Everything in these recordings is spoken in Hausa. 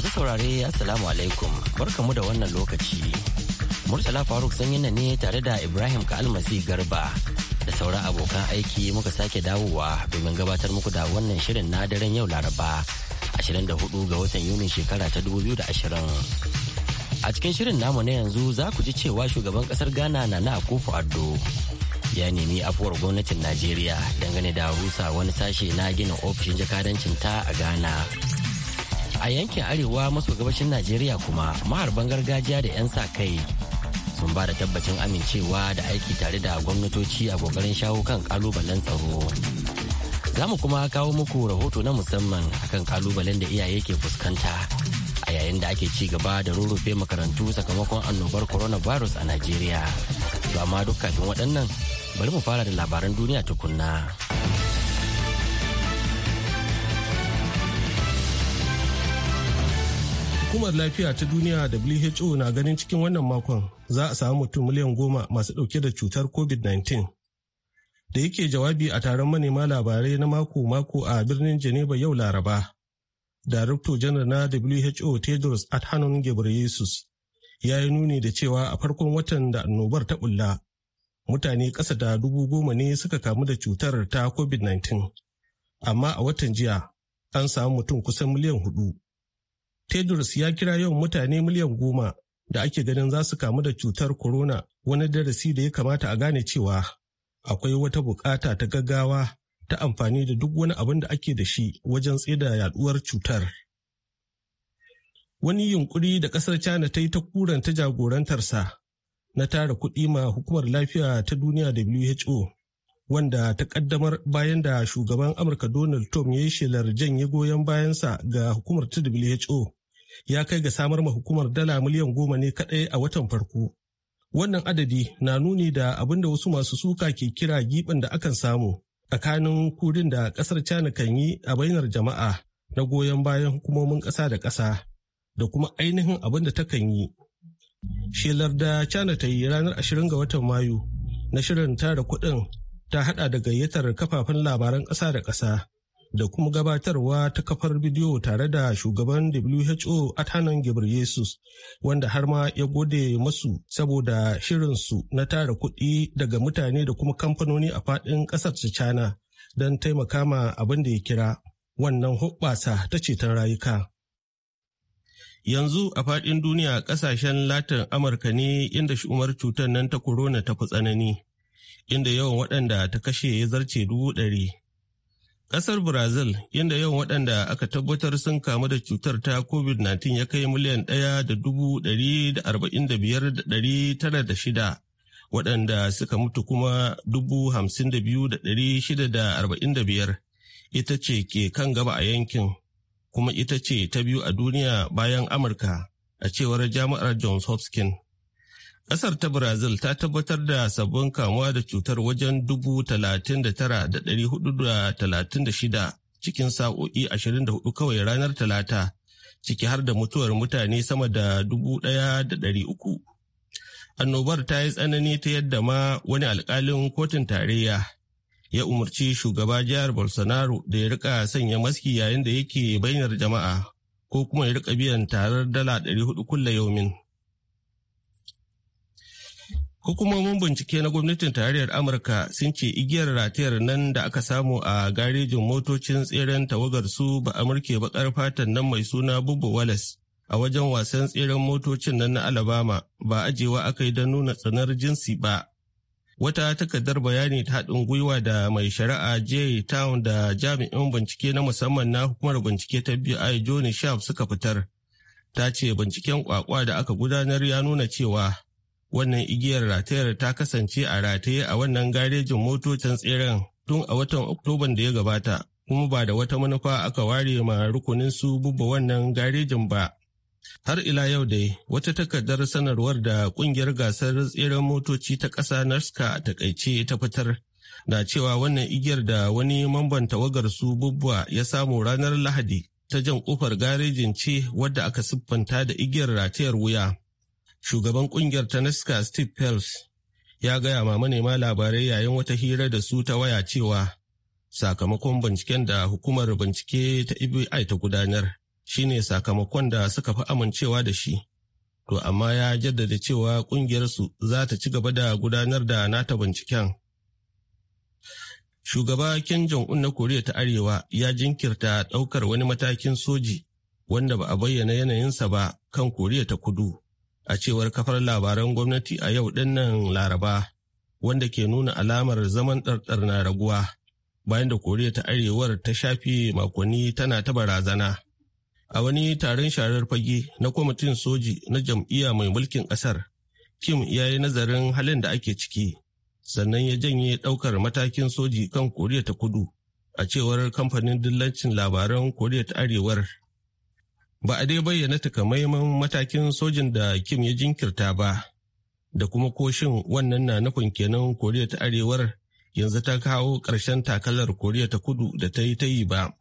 Masu saurare Assalamu alaikum barkamu da wannan lokaci. Murtala Faruk sanyin ne tare da Ibrahim Kalmasi Garba da sauran abokan aiki muka sake dawowa domin gabatar muku da wannan shirin na daren yau Laraba 24 ga watan Yuni shekara ta 2020. A cikin shirin namu na yanzu za ku ji cewa shugaban kasar Ghana na na kofu Addo ya nemi afuwar gwamnatin Najeriya dangane da rusa wani sashe na gina ofishin jakadancin ta a Ghana. a yankin arewa maso gabashin najeriya kuma maharban gargajiya da 'yan sa kai sun ba da tabbacin amincewa da aiki tare da gwamnatoci a kokarin shawo kan kalubalen tsaro za mu kuma kawo muku rahoto na musamman akan kalubalen da iyaye ke fuskanta a yayin da ake ci gaba da rurrufe makarantu sakamakon annobar coronavirus a najeriya to amma duk kafin waɗannan bari mu fara da labaran duniya tukunna. Hukumar lafiya ta duniya WHO na ganin cikin wannan makon za a samu mutum miliyan goma masu dauke da cutar COVID-19. Da yake jawabi a taron manema labarai na mako-mako a birnin Geneva yau Laraba. Darakto janar na WHO Tedros Adhanom Ghebreyesus ya yi nuni da cewa a farkon watan da annobar ta bulla mutane ƙasa da dubu goma ne suka kamu da cutar ta COVID-19. Amma a watan jiya an samu mutum kusan miliyan hudu tedros ya kira yawan mutane miliyan goma da ake ganin za su kamu da cutar corona wani darasi da ya kamata a gane cewa akwai wata bukata ta gaggawa ta amfani da duk wani abin da ake da shi wajen tsida yaduwar cutar. Wani yunkuri da kasar China ta yi ta kuranta jagorantarsa na tara kuɗi ma hukumar lafiya ta duniya WHO wanda ta kaddamar bayan da shugaban Amurka Donald Trump ya yi shelar janye goyon bayansa ga hukumar ta WHO ya kai ga samar ma hukumar dala miliyan goma ne kaɗai a watan farko. Wannan adadi na nuni da abinda wasu masu suka ke kira giɓin da akan samu tsakanin kurin da ƙasar China kan yi a bainar jama'a na goyon bayan hukumomin ƙasa da ƙasa da kuma ainihin abin da ta kan yi. Shelar da China ta yi ranar ashirin ga watan Mayu na shirin tara kuɗin ta haɗa da gayyatar kafafen labaran ƙasa da ƙasa da kuma gabatarwa ta kafar bidiyo tare da shugaban WHO Atanan Yesus, wanda har ma ya gode masu saboda shirinsu na tara kuɗi daga mutane da kuma kamfanoni a faɗin ƙasar China don taimaka ma abin da ya kira wannan hoɓɓasa ta ceton rayuka. Yanzu a faɗin duniya ƙasashen Latin Amurka ne inda shumar cutar nan ta corona ta fi tsanani, inda yawan waɗanda ta kashe ya zarce dubu ɗari. Ƙasar Brazil, inda yawan waɗanda aka tabbatar sun kamu da cutar ta COVID-19 ya kai miliyan ɗaya da dubu ɗari da arba'in da biyar da ɗari tara da shida, waɗanda suka mutu kuma dubu hamsin da biyu da ɗari shida da arba'in da biyar, ita ce ke kan gaba a yankin, kuma ita ce ta biyu a duniya bayan Amurka, a cewar jami'ar Johns Hopkins. Ƙasar ta Brazil ta tabbatar da sabon kamuwa da cutar wajen dubu talatin da tara da dari hudu da talatin da shida cikin sa'o'i ashirin kawai ranar Talata, ciki har da mutuwar mutane sama da dubu daya da dari uku. Annobar ta yi tsanani ta yadda ma wani alkalin kotun tarayya ya umarci shugaba jihar Bolsonaro da ya rika sanya maski yayin da yake bainar jama'a ko kuma ya rika biyan tarar dala 400 hudu kulla yaumin. Hukumomin bincike na gwamnatin tarayyar Amurka sun ce igiyar ratayar nan da aka samu a garejin motocin tseren tawagar su ba Amurke bakar fatan nan mai suna Bubba Wallace a wajen wasan tseren motocin nan na Alabama ba ajewa aka yi don nuna tsanar jinsi ba. Wata takardar bayani ta haɗin gwiwa da mai shari'a Jay Town da jami'in bincike na musamman na hukumar bincike ta BI Johnny Sharp suka fitar. Ta ce binciken kwakwa da aka gudanar ya nuna cewa Wannan igiyar ratayar ta kasance a rataye a wannan garejin motocin tseren tun a watan Oktoban da ya gabata, kuma ba da wata manufa aka ware ma rukunin su bubba wannan garejin ba. Har ila yau dai wata takardar sanarwar da kungiyar gasar tseren motoci ta ƙasa Narska a takaice ta fitar na cewa wannan igiyar da wani mamban tawagar su bubba ya samu ranar Lahadi ta jan kofar garejin ce wadda aka siffanta da igiyar ratayar wuya. shugaban kungiyar ta naska steve pels ya gaya ma manema labarai yayin wata hira da su ta waya cewa sakamakon binciken da hukumar bincike ta FBI ta gudanar shine sakamakon da suka fi amincewa da shi. To amma ya jaddada cewa kungiyarsu za ta ci gaba da gudanar da nata binciken. Shugaba Kim Jong-un na Koriya ta Arewa ya jinkirta ɗaukar wani matakin soji wanda ba a bayyana yanayinsa ba kan Koriya ta Kudu. a cewar kafar labaran gwamnati a yau dinnan laraba wanda ke nuna alamar zaman ɗarɗar na raguwa bayan da koriya ta arewar ta shafe makonni tana ta barazana a wani taron sharar fage na kwamitin soji na jam'iyya mai mulkin ƙasar kim ya yi nazarin halin da ake ciki sannan ya janye ɗaukar matakin soji kan koriya ta kudu a cewar kamfanin dillancin labaran koriya ta arewar ba a dai bayyana takamaiman matakin sojin da kim ya jinkirta ba da kuma koshin wannan na nufin kenan koriya ta arewar yanzu ta kawo ƙarshen takalar koriya ta kudu da ta yi ta yi ba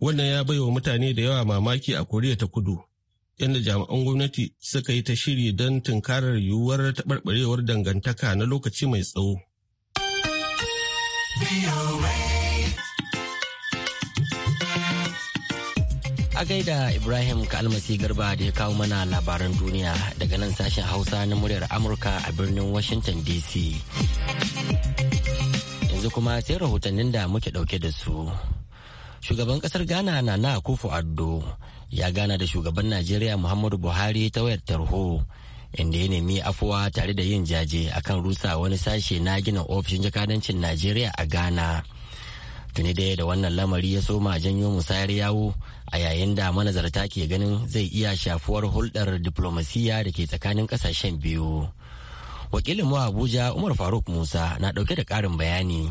wannan ya baiwa mutane da yawa mamaki a koriya ta kudu inda jami'an gwamnati suka yi ta shiri don tunkarar yiwuwar taɓarɓarewar dangantaka na lokaci mai tsawo. A gaida Ibrahim Kalmasi Garba da ya kawo mana labaran duniya daga nan sashen Hausa na muryar Amurka a birnin Washington DC. Yanzu kuma sai rahotannin da muke dauke da su. Shugaban kasar Ghana na kufu Addo ya gana da shugaban Najeriya Muhammadu Buhari ta wayar tarho inda ya nemi afuwa tare da yin jaje akan rusa wani sashe na gina ofishin jakadancin Najeriya a Ghana. tuni dai da wannan lamari ya soma janyo musayar yawo a yayin da manazarta ke ganin zai iya shafuwar hulɗar diplomasiya da ke tsakanin ƙasashen biyu wakilin mu abuja umar faruk musa na ɗauke da ƙarin bayani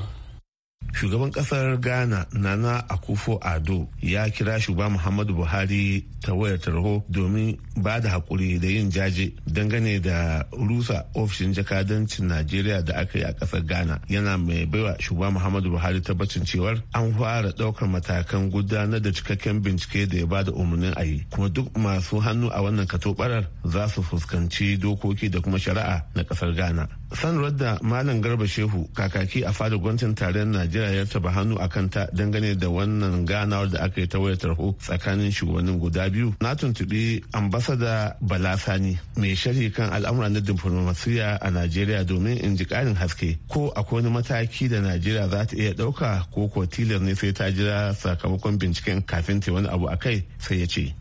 shugaban kasar ghana nana akufo ado ya kira shugaba muhammadu buhari ta wayar tarho domin ba da hakuri da yin jaje dangane da rusa ofishin jakadancin najeriya da aka yi a kasar ghana yana mai baiwa shugaba muhammadu buhari tabbacin cewar an fara daukar matakan gudanar da cikakken bincike da ya bada umarnin a yi kuma duk masu hannu a wannan katobarar za su fuskanci dokoki da kuma shari'a na kasar ghana sanarwar da malam garba shehu kakaki a fadar gwamnatin tarayyar najeriya najeriya ya taba hannu a kanta dangane da wannan ganawar da aka yi ta wayar tarho tsakanin shugabannin guda biyu na tuntuɓi ambasada bala sani mai sharhi kan al'amura na diflomasiya a najeriya domin in ji ƙarin haske ko akwai wani mataki da najeriya za ta iya ɗauka ko ko tilar ne sai ta jira sakamakon binciken kafin ta wani abu a kai sai ya ce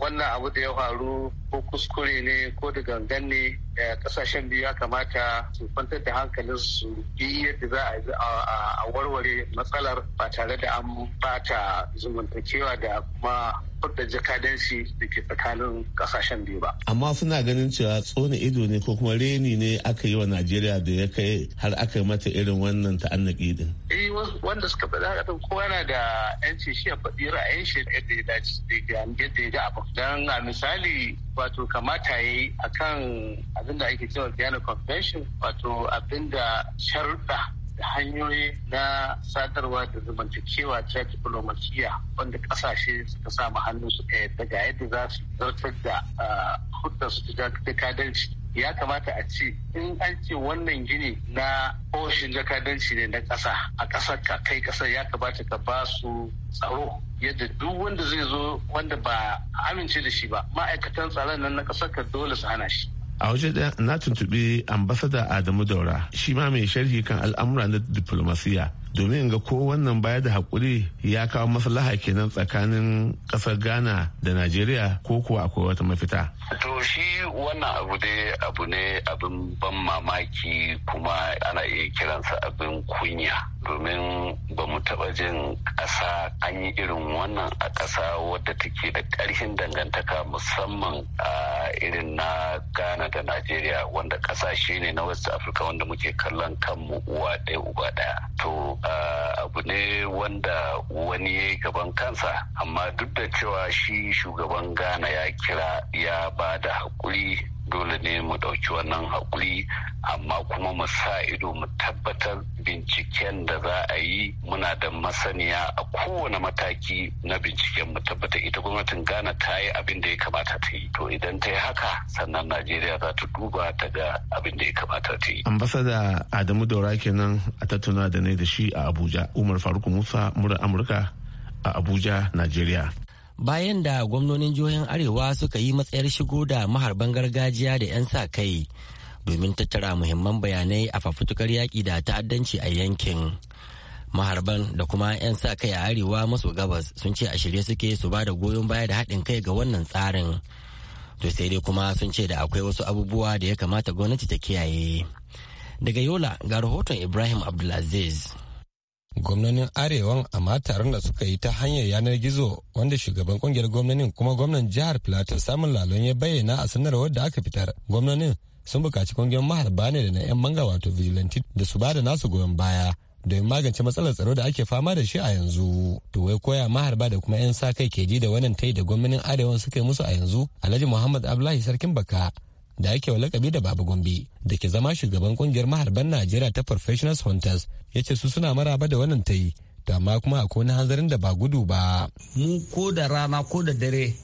wannan abu da ya faru ko kuskure ne ko da gangan ne kasashen biyu ya kamata su kwantar da hankalin su yi yadda za a warware matsalar ba tare da an bata zumuntakewa da kuma da jakadanci da ke tsakanin kasashen biyu ba. Amma suna ganin cewa tsone ido ne ko kuma reni ne aka yi wa Najeriya da ya kai har aka yi mata irin wannan ta'annaki din. Eh wanda suka faɗi haka ɗin kowa yana da yanci shi ya faɗi ra'ayin shi yadda ya dace yadda ya ga abu don a misali wato kamata ya yi a kan abin da ake cewa Vienna Convention wato abin da sharuɗa da hanyoyi na sadarwa da zamantakewa ta diplomatiya wanda kasashe suka samu hannu suka yadda ga yadda za su zartar da ah, hudda su ta kadanci ya kamata a ce in an ce wannan gini na ofishin jakadanci ne na ƙasa a ƙasar ka kai ƙasar ya kamata ka ba su tsaro yadda duk wanda zai zo wanda ba amince da shi ba ma'aikatan tsaron nan na ƙasar ka dole su hana shi a waje na tuntuɓi ambasada adamu daura shi ma mai sharhi kan al'amura na diplomasiya domin ga ko wannan baya da hakuri ya kawo maslaha kenan tsakanin ƙasar ghana da najeriya ko kuwa akwai wata mafita to shi wannan abu dai abu ne abin ban mamaki kuma ana iya kiransa abin kunya domin ba mu taɓa jin ƙasa an yi irin wannan a ƙasa wadda take da ƙarfin dangantaka musamman a irin na ghana da najeriya wanda ƙasashe ne na west africa wanda muke kallon kanmu uwa ɗaya uba ɗaya to Eh, abu ne wanda wani ya yi gaban kansa amma duk da cewa shi shugaban ghana ya kira ya ba da haƙuri dole ne mu ɗauki wannan haƙuri amma kuma mu sa ido mu tabbatar binciken da za a yi muna da masaniya a kowane mataki na binciken mu tabbata ita gwamnatin ghana ta yi abin da ya kamata ta yi to idan ta yi haka sannan najeriya za ta duba ta ga abin da ya kamata ta yi ambasada adamu daura kenan a tattuna da ne da shi a abuja umar faruk musa murar amurka a abuja najeriya bayan da gwamnonin jihohin arewa suka yi matsayar shigo da maharban gargajiya da 'yan sa kai domin tattara muhimman bayanai a fafutukar yaƙi da ta'addanci a yankin maharban da kuma 'yan sa kai a arewa maso gabas sun ce a shirye suke su ba da goyon baya da haɗin kai ga wannan tsarin to sai dai kuma sun ce da akwai wasu abubuwa da ya kamata gwamnati ta kiyaye daga yola ga rahoton ibrahim abdulaziz gwamnonin arewan a mataron da suka yi ta hanyar yanar gizo wanda shugaban kungiyar gwamnonin kuma gwamnan jihar plateau samun lalon ya bayyana a sanarwar da aka fitar gwamnonin sun buƙaci kungiyar maharba ne da na 'yan manga wato vigilante da su bada nasu goyon baya domin magance matsalar tsaro da ake fama da shi a yanzu to wai koya maharba da kuma 'yan sa kai ke ji da wannan tai da gwamnonin arewan suka yi musu a yanzu alhaji muhammad abdullahi sarkin baka da ake wa lakabi da babu Gombe da ke zama shugaban kungiyar maharban Najeriya ta Professionals Hunters ya ce su suna maraba da wannan ta yi to amma kuma a kone hanzarin da ba gudu ba. Mu ko da rana ko da dare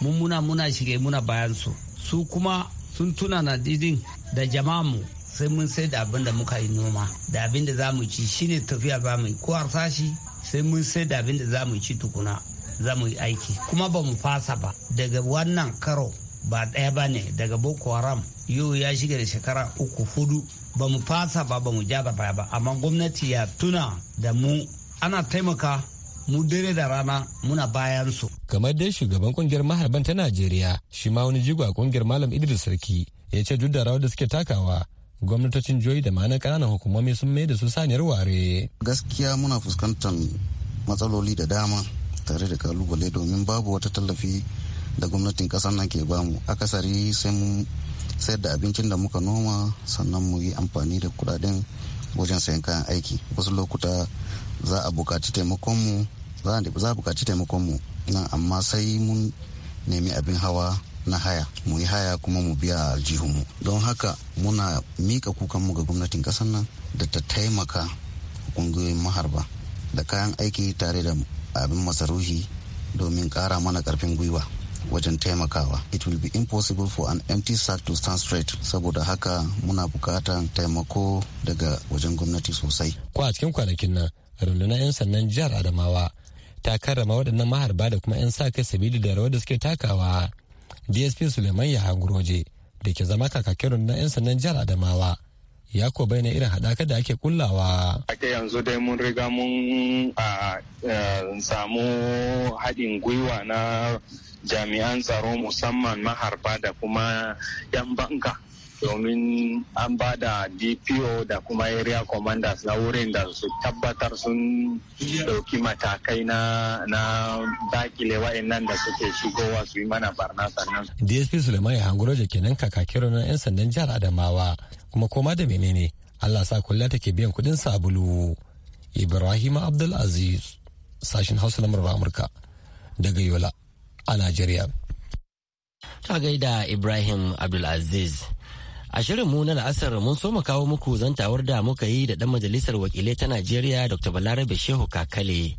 mun muna muna shige muna bayan su su kuma sun tuna na didin da jama'a mu sai mun sai da abin da muka yi noma da abin da za mu ci shine tafiya za mu yi ko harsashi sai mun sai da abin da za mu ci tukuna za mu yi aiki kuma ba mu fasa ba daga wannan karo ba ɗaya ba ne daga boko haram yau ya shiga da shekara uku hudu ba mu fasa ba ba mu ja da baya ba amma gwamnati ya tuna da mu ana taimaka mu dare da rana muna bayan su. kamar dai shugaban kungiyar maharban ta najeriya shi ma wani jigo a kungiyar malam idris sarki ya ce duk da rawar da suke takawa gwamnatocin jihohi da ma'anar kananan hukumomi sun mai da su saniyar ware. gaskiya muna fuskantar matsaloli da dama tare da kalubale domin babu wata tallafi da gwamnatin kasar nan ke bamu akasari sai mun sayar da abincin da muka noma sannan mu yi amfani da kudaden wajen sayan kayan aiki wasu lokuta za a bukaci taimakon za a bukaci mu nan amma sai mun nemi abin hawa na haya mu yi haya kuma mu biya mu don haka muna mika kukanmu ga gwamnatin kasar nan da ta taimaka kungiyoyin maharba da kayan aiki tare da abin masaruhi domin kara mana karfin gwiwa wajen taimakawa it will be impossible for an empty sack to stand straight saboda haka muna bukatan taimako daga wajen gwamnati sosai ko a cikin kwanakin nan rundunar 'yan sannan jihar adamawa ta karrama waɗannan maharba da kuma 'yan sa kai sabili da rawar da suke takawa dsp suleiman ya hangroje da ke zama kakakin rundunar 'yan sannan jihar adamawa ya ko ne irin haɗaka da ake kullawa. Ake yanzu dai mun riga mun ah, eh, samu haɗin gwiwa na jami'an tsaro musamman maharba da kuma 'yan banka domin an ba da dpo da kuma area commanders na wurin da su tabbatar sun dauki matakai na na dakile wa'annan da suke shigowa su yi mana barna sannan. dsp suleiman hangoroje kenan kakakin na 'yan sandan jihar adamawa kuma koma da menene allah sa kulla take biyan kudin sabulu ibrahim abdulaziz sashin hausa na amurka daga yola a Najeriya. Ta gaida Ibrahim Abdulaziz. A shirin mu na la'asar mun so mu kawo muku zantawar da muka yi da ɗan majalisar wakilai ta Najeriya Dr. Balarabe Shehu Kakale.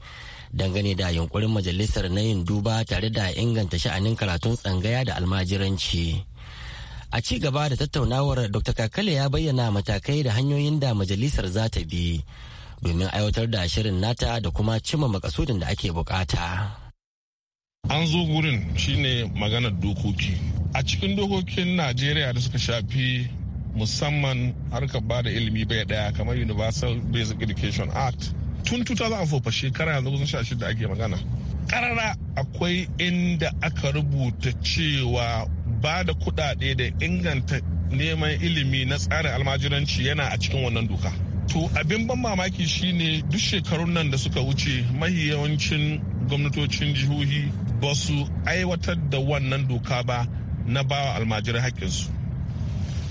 Dangane da yunkurin majalisar na yin duba tare da inganta sha'anin karatun tsangaya da almajiranci. A ci gaba da tattaunawar Dr. Kakale ya bayyana matakai da hanyoyin da majalisar za ta bi domin aiwatar da shirin nata da kuma cimma makasudin da ake bukata. an zo gurin shine maganar dokoki a cikin dokokin najeriya da suka shafi musamman harkar ba da ilimi bai daya kamar universal basic education act tun 2004 fa shekara yanzu kusan sha shida ake magana karara akwai inda aka rubuta cewa ba da kudade da inganta neman ilimi na tsarin almajiranci yana a cikin wannan doka to abin ban mamaki shine duk shekarun nan da suka wuce mahi yawancin gwamnatocin jihohi ba su aiwatar da wannan doka ba na bawa almajirai haƙƙinsu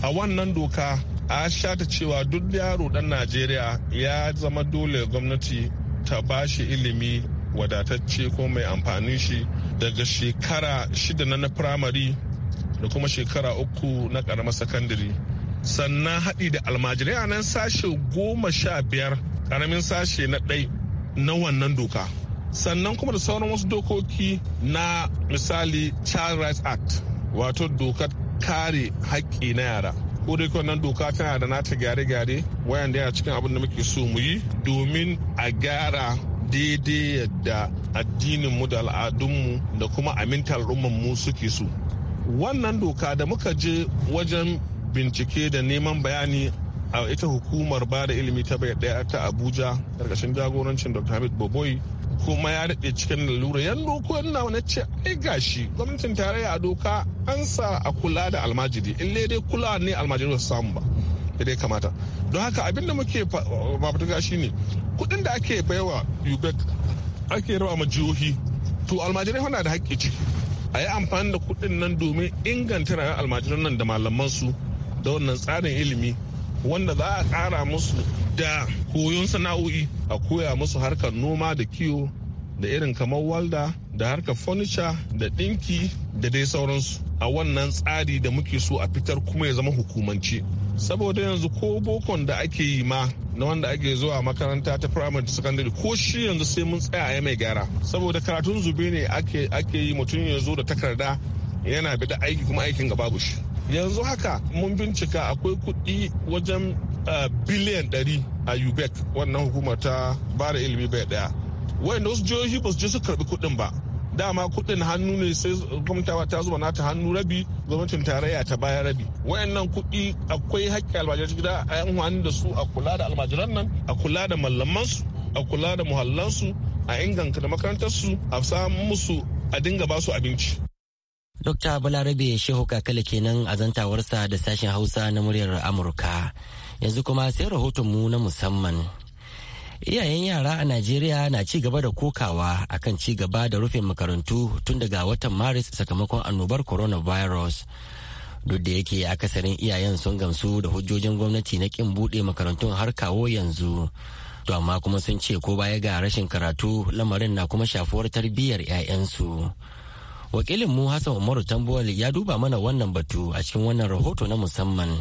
a wannan doka a shata cewa duk yaro ɗan najeriya ya zama dole gwamnati ta ba shi ilimi wadatacce ko mai amfani shi daga shekara shida na na firamare da kuma shekara uku na ƙaramar sakandare sannan haɗi da almajirai a nan sashe goma sha biyar ƙaramin sashe na ɗai na wannan doka sannan kuma da sauran wasu dokoki na misali child rights act wato dokar kare haƙƙi na yara ko da wannan doka tana da nata gyare-gyare wayanda yana cikin abin da muke so mu yi domin a gyara daidai yadda addininmu da al'adunmu da kuma aminta mu suke so wannan doka da muka je wajen bincike da neman bayani a ita hukumar ba da ilimi ta bai ta abuja karkashin jagorancin dr hamid boboi kuma ya daɗe cikin lalura yan dokuwan na wani ce ai gashi gwamnatin tarayya a doka an sa a kula da almajiri in dai kula ne almajiri ba samu ba da dai kamata don haka abinda muke gashi ne kuɗin da ake baiwa ubec ake raba ma jihohi to almajirai hana da haƙƙi ciki a yi amfani da kuɗin nan domin inganta rayuwar almajiran nan da malaman su da wannan tsarin ilimi wanda za a ƙara musu da koyon sana'o'i a koya musu harkar noma da kiwo da irin kamar walda da harkar furniture da ɗinki da dai sauransu a wannan tsari da muke so a fitar kuma ya zama hukumance saboda yanzu ko bokon da ake yi ma na wanda ake zuwa makaranta ta primary sakandare ko shi yanzu sai mun tsaya a mai gyara saboda karatun zube ne ake yi mutum ya zo da takarda yana bi da aiki kuma aikin gaba shi yanzu haka mun bincika akwai kuɗi wajen eh, biliyan 100 a ubec wannan hukumar ta bada ilimi bai daya wayanda wasu jihohi ba su je su karbi kuɗin ba dama kuɗin hannu ne sai gwamnatawa ta zuba nata hannu rabi gwamnatin tarayya ta baya rabi wayannan kuɗi akwai haƙƙi almajiran gida a yan wani da su a kula da almajiran nan a kula da mallamansu a kula da muhallansu a inganta da makarantarsu a samu musu a dinga basu abinci Dokta Balarabe Shehu Kakala kenan a zantawarsa da sashen Hausa na muryar Amurka. Yanzu kuma sai rahotonmu na musamman. Iyayen yara a Najeriya na ci gaba da kokawa akan ci gaba da rufe makarantu tun daga watan Maris sakamakon annobar coronavirus. Duk da yake akasarin iyayen sun gamsu da hujjojin gwamnati na kin buɗe makarantun har kawo yanzu. To amma kuma sun ce ko baya ga rashin karatu lamarin na kuma shafuwar tarbiyyar 'ya'yansu. wakilin mu hassan umaru Tambuwali ya duba mana wannan batu a cikin wannan rahoto na musamman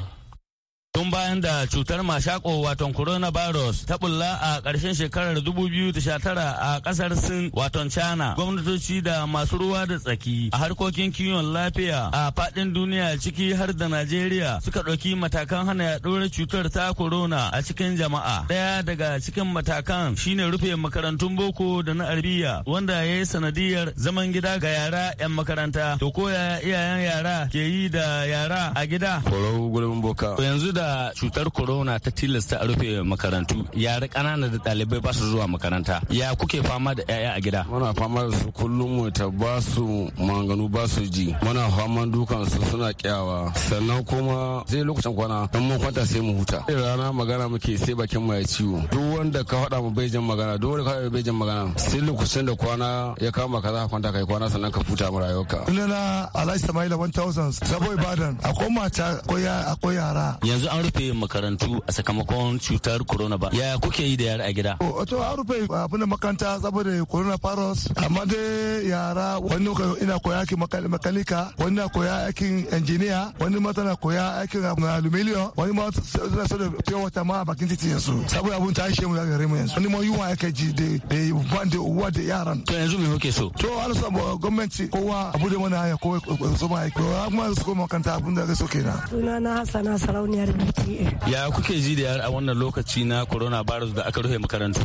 Tun bayan da cutar mashako waton coronavirus ta bulla a ƙarshen shekarar 2019 a ƙasar Sin waton China, gwamnatoci da masu ruwa da tsaki a harkokin kiwon lafiya a faɗin duniya ciki har da Najeriya suka ɗauki matakan hana yaɗuwar cutar ta corona a cikin jama'a. Ɗaya daga cikin matakan shine rufe makarantun boko da na arbiya wanda ya yi sanadiyar zaman gida ga yara 'yan makaranta. To koya iyayen yara ke yi da yara a gida? Yanzu da da cutar corona ta tilasta a rufe makarantu yare ƙanana da ɗalibai ba su zuwa makaranta ya kuke fama da 'ya'ya a gida muna fama da su kullum mu ta ba su manganu ba su ji muna fama dukan su suna kyawa sannan kuma sai lokacin kwana dan mun kwanta sai mu huta rana magana muke sai bakin mu ya ciwo duk wanda ka faɗa mu bai jin magana duk wanda ka faɗa bai jin magana sai lokacin da kwana ya kama ka za ka kwanta kai kwana sannan ka futa mu rayuwarka sunana Alhaji Samaila 1000 saboda Ibadan akwai mata akwai yara yanzu an rufe makarantu a sakamakon cutar corona ba yaya kuke yi da yara a gida oh, to an rufe abin da makaranta saboda corona virus amma dai yara wani ina koya aikin makalika wani na koya aikin injiniya wani ma tana koya aikin aluminium wani ma tana so da pure water ma a bakin titi yanzu saboda abun ta yi shemu daga rimu yanzu wani ma yi wa yake ji da ban da uwa da yaran to yanzu me kuke so to an samu gwamnati kowa abu da mana ya kowa so ma aiki kuma su koma makaranta abun da ga so kenan sunana hasana sarauniyar Ya kuke ji da a wannan lokaci na coronavirus da aka rufe makarantu?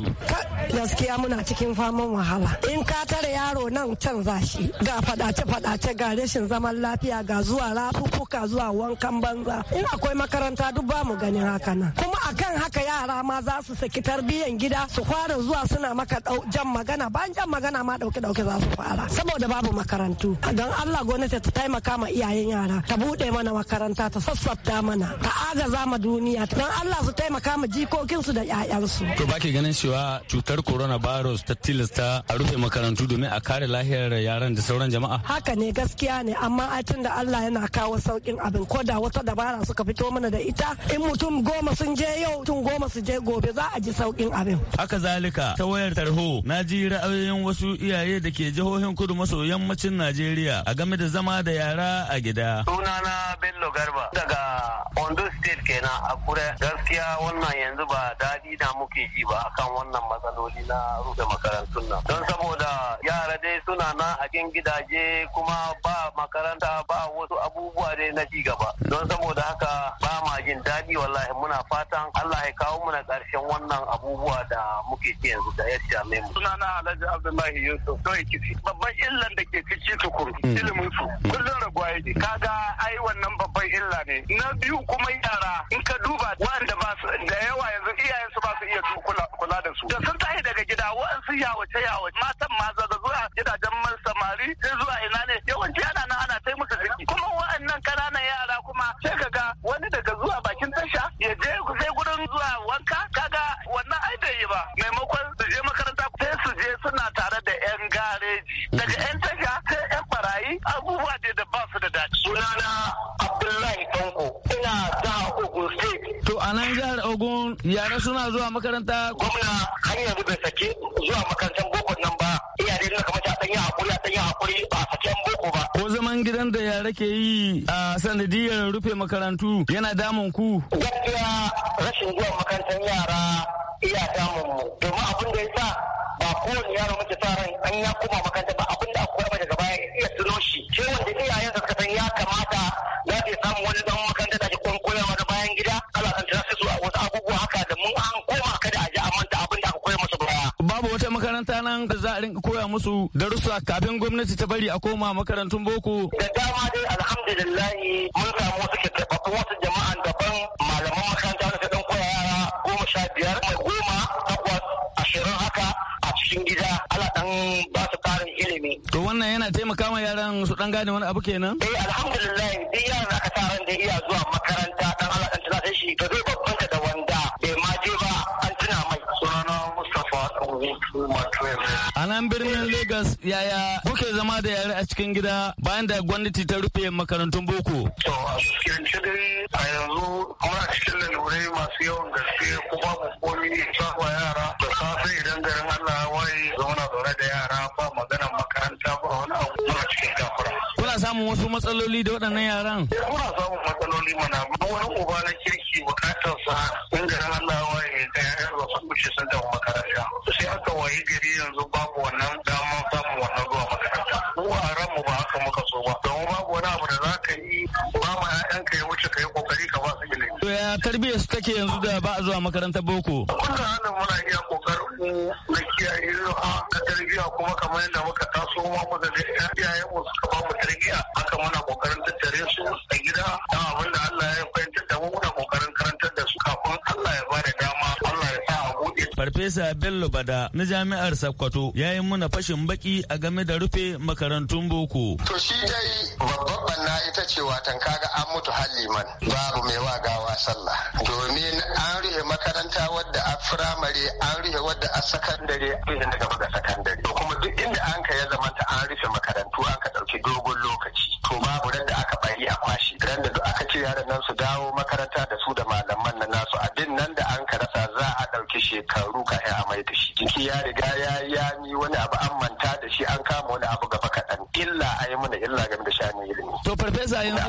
Gaskiya muna cikin faman wahala. In ka tare yaro nan can zashi ga fadace-fadace ga rashin zaman lafiya ga zuwa rafuffuka zuwa wankan banza. In akwai makaranta duk ba mu ganin haka nan. Kuma akan haka yara ma za su saki tarbiyyan gida su fara zuwa suna maka jan magana bayan jan magana ma dauke-dauke za su fara. Saboda babu makarantu. Don Allah gwamnati ta taimaka ma iyayen yara ta buɗe mana makaranta ta sassafta mana ta agaza Za ma duniya don Allah su taimaka ma jikokinsu da 'ya'yansu. To ba ganin cewa cutar corona coronavirus ta tilasta a rufe makarantu domin a kare lafiyar yaran da sauran jama'a? Haka ne gaskiya ne amma a tun da Allah yana kawo saukin abin ko da wata dabara suka fito mana da ita in mutum goma sun je yau tun goma su je gobe za a ji saukin abin. Haka zalika ta wayar tarho na ji ra'ayoyin wasu iyaye da ke jihohin kudu maso yammacin Najeriya a game da zama da yara a gida. Sunana Bello Garba daga Ondo State kenan a kure gaskiya wannan yanzu ba daɗi na muke ji ba akan wannan matsaloli na rufe makarantun nan don saboda yara dai suna nan a cikin gidaje kuma ba makaranta ba wasu abubuwa dai na ci gaba don saboda haka ba ma jin daɗi wallahi muna fatan Allah ya kawo mana ƙarshen wannan abubuwa da muke ci yanzu da ya mai mu na Alhaji Abdullahi Yusuf to ikiti babban illan da ke fici tukuru hmm. ilimin su kullun ragwaye ne kaga ai wannan babban illa ne na biyu kuma yara yara in ka duba wanda ba su. da yawa yanzu iyayensu su ba su iya kula da su da sun tashi daga gida wa'ansu yawace yawace matan ma zaga zuwa gidajen man samari sai zuwa ina ne yawanci ana nan ana tai musu ziki. kuma wa'annan kananan yara kuma sai ka ga wani daga zuwa bakin tasha ya je sai gurin zuwa wanka kaga wannan ai bai yi ba maimakon su je makaranta sai su je suna tare da yan gareji daga yan tasha sai yan barayi abubuwa da ba su da dace sunana nan jihar ogun yara suna zuwa makaranta gwamna har yanzu bai sake zuwa makarantar boko nan ba iyaye na kamar ta sanya hakuri a sanya hakuri ba a sake boko ba ko zaman gidan da yara ke yi a sanadiyar rufe makarantu yana damun ku gaskiya rashin zuwa makarantar yara iya damun mu domin abin da ya sa ba kowane yaro mace sa ran an ya koma makaranta ba abin da aka koyar daga baya iya tuno shi sai wanda iyayen suka san ya kamata za ke samu wani makaranta nan da za a rinka koya musu darussa kafin gwamnati ta bari a koma makarantun boko. Da dama dai alhamdulillahi mun samu wasu wasu jama'an daban malaman makaranta da suka koya yara goma sha biyar mai goma takwas ashirin haka a cikin gida ala dan ba su karin ilimi. To wannan yana taimaka ma yaran su dan gane wani abu kenan? Eh alhamdulillahi duk yaran aka sa ran da iya zuwa makaranta dan ala dan tunatar shi to zai babbanta da wanda A nan birnin Legas yaya kuke zama da yare a cikin gida bayan da gwamnati ta rufe makarantun boko? To a cikin dai a yanzu muna cikin lalurai masu yawan gaske ko babu komi sawa yara da safe idan garin Allah ya waye zauna zaune da yara ba magana makaranta ba wani abu muna cikin kafura. Kuna samun wasu matsaloli da waɗannan yaran? Kuna samun matsaloli mana wani uba na kirki ke bukatar sa in garin Allah wa ya ga yayan ba sun wuce sun tafi makaranta sai aka waye gari yanzu babu wannan dama samun wannan zuwa makaranta mu a ran mu ba haka muka so ba don babu wani abu da za ka yi ba ma ka ya wuce ka yi kokari ka ba su ilimi to ya tarbiyyar su take yanzu da ba a zuwa makarantar boko kullum hannun muna iya kokarin mu na kiyaye ka tarbiyya kuma kamar yadda muka taso ma muka ga iyayen mu suka ba mu tarbiyya haka muna kokarin tattare su a gida Farfesa Bello Bada na Jami'ar Sakkwato ya yi muna fashin baki a game da rufe makarantun boko. To shi dai babban banna ita ce watan kaga an mutu halliman babu mai wa gawa sallah. Domin an rufe makaranta wadda a firamare an rufe wadda a sakandare daga sakandare.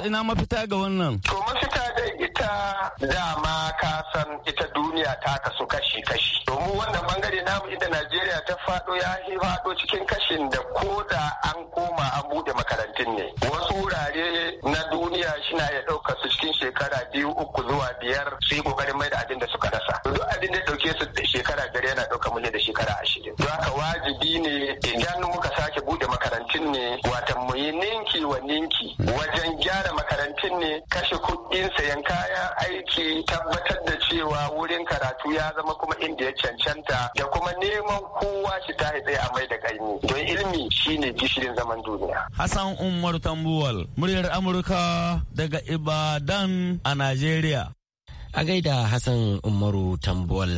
ina mafita ga wannan? To mafita dai ita dama ka san ita duniya ta kasu kashi-kashi. Domin wannan bangare namu inda Najeriya ta faɗo ya yi faɗo cikin kashin da ko da an koma an buɗe makarantun ne. Wasu wurare na duniya shina ya ɗauka su cikin shekara biyu uku zuwa biyar su yi ƙoƙarin mai da abin da suka rasa. Duk abin da ɗauke su shekara biyar yana ɗauka mu da shekara ashirin. Don haka wajibi ne idan muka sake buɗe makarantun ne wata mu ninki wa ninki wajen ne kashe kuɗin sayan kayan aiki tabbatar da cewa wurin karatu ya zama kuma inda ya cancanta da kuma neman kowa shi ta tsaye a mai da ƙarni, don ilimi shine gishirin zaman duniya. Hassan Umar Tambuwal, muryar Amurka daga Ibadan a Najeriya. A gaida Hassan Umaru Tambuwal.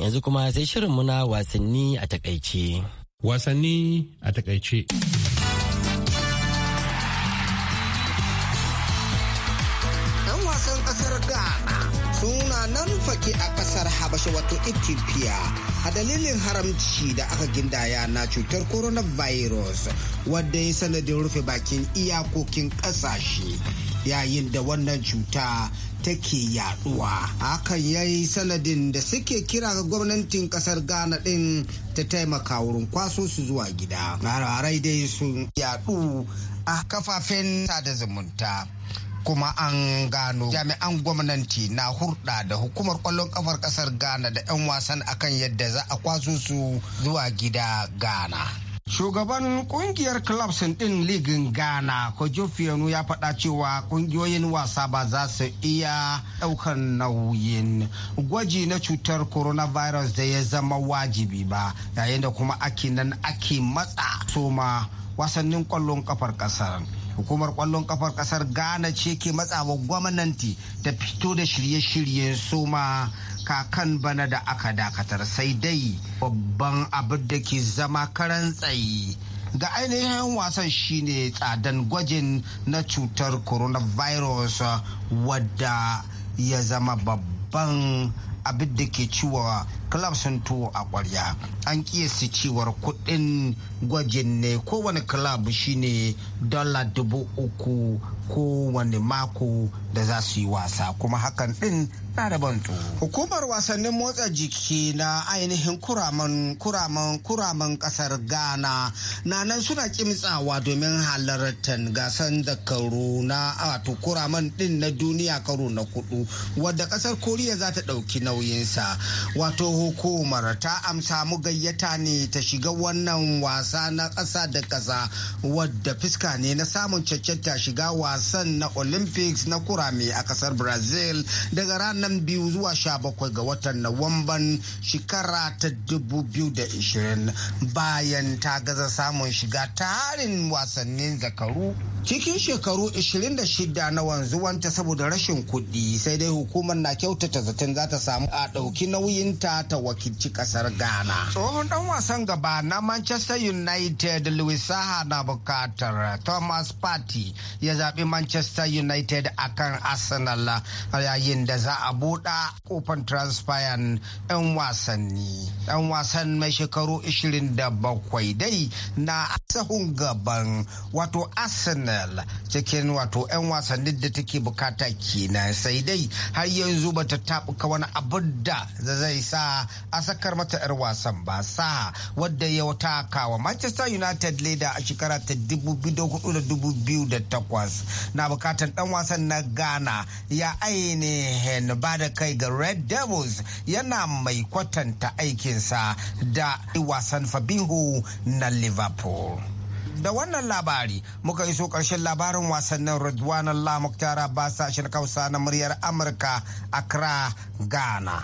Yanzu kuma sai shirin muna wasanni a takaice. Wasanni a takaice. habasha wato ethiopia a dalilin haramci da aka gindaya na cutar coronavirus wadda ya sanadin rufe bakin iyakokin kasashe yayin da wannan cuta take yaduwa hakan ya yi sanadin da suke kira ga gwamnatin kasar ghana din ta taimaka wurin kwaso su zuwa gida harai dai sun yadu a kafafen sada zumunta kuma an gano jami'an gwamnati na hurɗa da hukumar kwallon kafar ƙasar ghana da 'yan wasan akan yadda za a kwaso su zuwa gida ghana Shugaban kungiyar clubs din ligin Ghana, Kojo Fiyanu ya faɗa cewa kungiyoyin wasa ba za su iya ɗaukar nauyin gwaji na cutar coronavirus da ya zama wajibi ba, yayin da kuma ake nan ake matsa soma wasannin ƙwallon ƙafar ƙasar. hukumar kwallon kafar kasar ghana ce ke matsawa gwamnati ta fito da shirye-shiryen soma kakan bana da aka dakatar sai dai babban abin da ke zama karan tsayi ga ainihin wasan shine tsadan gwajin na cutar coronavirus wadda ya zama babban abin da ke ciwa club sun tuwo a kwarya an kiyasi cewar kudin gwajin ne kowane club shine dala dubu uku kowane mako da za su yi wasa kuma hakan din na da ban hukumar wasannin motsa jiki na ainihin kuraman kuraman kuraman kasar ghana na nan suna kimtsawa domin halartar gasan zakaru na wato kuraman din na duniya karo na kudu wadda kasar koriya za ta dauki nauyinsa wato hukumar ta amsa mu gayyata ne ta shiga wannan wasa na ƙasa da ƙasa wadda fuska ne na samun cancanta shiga wasan na olympics na kurame a ƙasar brazil daga ranar biyu zuwa sha bakwai ga watan nawamban shekara ta dubu biyu da ishirin bayan ta gaza samun shiga tarin wasannin zakaru cikin shekaru 26 na wanzuwanta saboda rashin kuɗi sai dai hukumar na kyautata zaton za ta samu a ɗauki nauyinta ta wakilci kasar Ghana. Tsohon dan wasan gaba na Manchester United Louis Saha na bukatar Thomas Partey ya zaɓi Manchester United akan Arsenal yayin da za a buɗa kofin transfer ɗan wasanni. Ɗan wasan mai shekaru 27 dai na sahun gaban wato Arsenal cikin wato ɗan wasanni da take bukata kenan sai dai har yanzu bata taɓuka wani abin da zai sa a sakar mata 'yar wasan basa wadda ya taka wa manchester united leda a shekara ta 2008 na bukatar dan wasan na ghana ya ainihin ba da kai ga red devils yana mai kwatanta aikinsa da wasan fabinho na liverpool da wannan labari muka iso ƙarshen labarin wasannin rudwana Allah Muktara ba sashen kausa na muryar Amurka Accra, Ghana.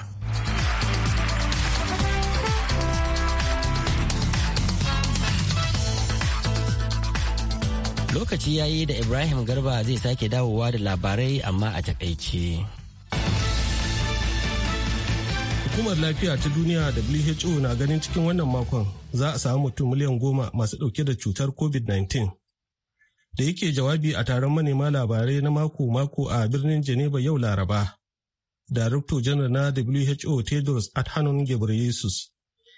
lokaci ya yi da ibrahim garba zai sake dawowa da labarai amma a takaice hukumar lafiya ta duniya who na ganin cikin wannan makon za a samu mutum miliyan goma masu dauke da cutar covid-19 da yake jawabi a taron manema labarai na mako-mako a birnin geneva yau laraba Darakto janar na WHO Tedros Adhanom Ghebreyesus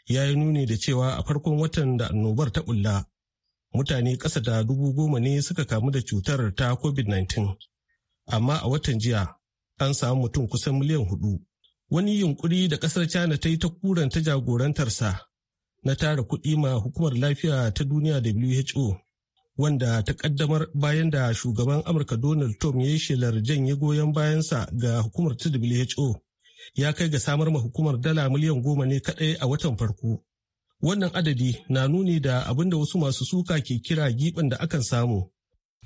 ya yi nuni da cewa a farkon watan da annobar ta bulla mutane ƙasa da dubu goma ne suka kamu da cutar ta COVID-19. Amma a watan jiya an samu mutum kusan miliyan hudu. Wani yunkuri da ƙasar China ta yi ta kuranta jagorantarsa na tara kuɗi ma hukumar lafiya ta duniya WHO wanda ta kaddamar bayan da shugaban amurka donald trump ya yi shelar janye goyon bayansa ga hukumar who ya kai ga samar ma hukumar dala miliyan goma ne kadai a watan farko wannan adadi na nuni da abin da wasu masu suka ke kira giɓin da akan samu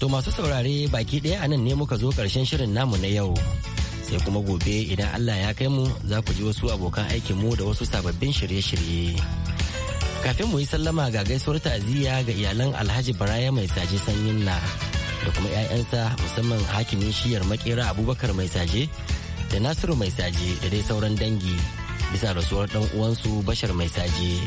to masu saurare baki ɗaya a nan ne muka zo ƙarshen shirin namu na yau sai kuma gobe idan allah ya kai mu za ku ji wasu abokan aikinmu da wasu sababbin shirye-shirye kafin mu yi sallama ga gaisuwar ta'aziyya ga iyalan alhaji baraya mai saje sanyin na da kuma 'ya'yansa musamman hakimin shiyar makera abubakar mai saje da nasiru mai saje da dai sauran dangi bisa rasuwar dan uwansu bashar mai saje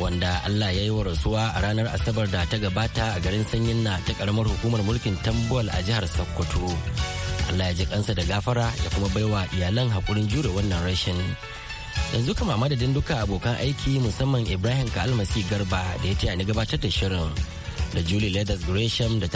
wanda allah ya yi wa rasuwa a ranar asabar da ta gabata a garin sanyin na ta karamar hukumar mulkin tambuwal a jihar sokoto allah ya ji kansa da gafara ya kuma baiwa iyalan hakurin jure wannan rashin yanzu kama madadin duka abokan aiki musamman ibrahim kalmasi garba da ya taya ni gabatar da shirin da julie leathers gresham da ta